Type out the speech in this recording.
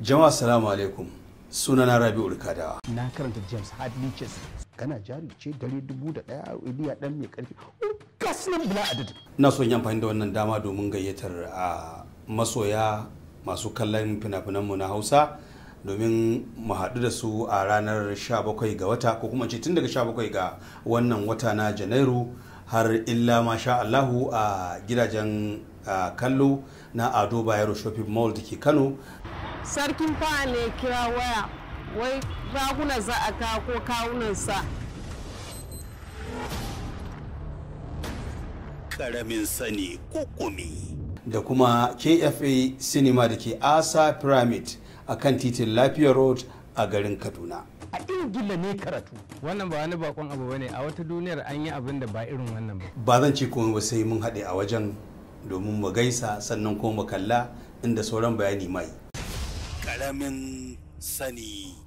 jama'a assalamu alaikum na rabi'ul kadawa na karanta james hadley chess kana jari ce dare dubu da daya iliya dan mai karfi oh, gasnan bila adadin na son yi amfani da wannan dama domin gayyatar a masoya masu kallon fina-finanmu na hausa domin mu haɗu da su a ranar 17 ga wata ko kuma ce tun daga 17 ga wannan wata na janairu har illa sha allahu a gidajen kallo na ado bayero shopping mall da ke kano sarkin fa'a ne kira waya wai raguna za a kawo ko kawunansa karamin sani kukumi da kuma kfa cinema da ke asa pyramid a kan titin lafiya road a garin kaduna a ingila ne karatu wannan ba wani bakon abu ne a wata duniyar an yi abin da ba irin wannan ba ba zan ce komai ba sai mun haɗe a wajen domin mu gaisa sannan kuma mu kalla inda sauran bayani mai karamin sani.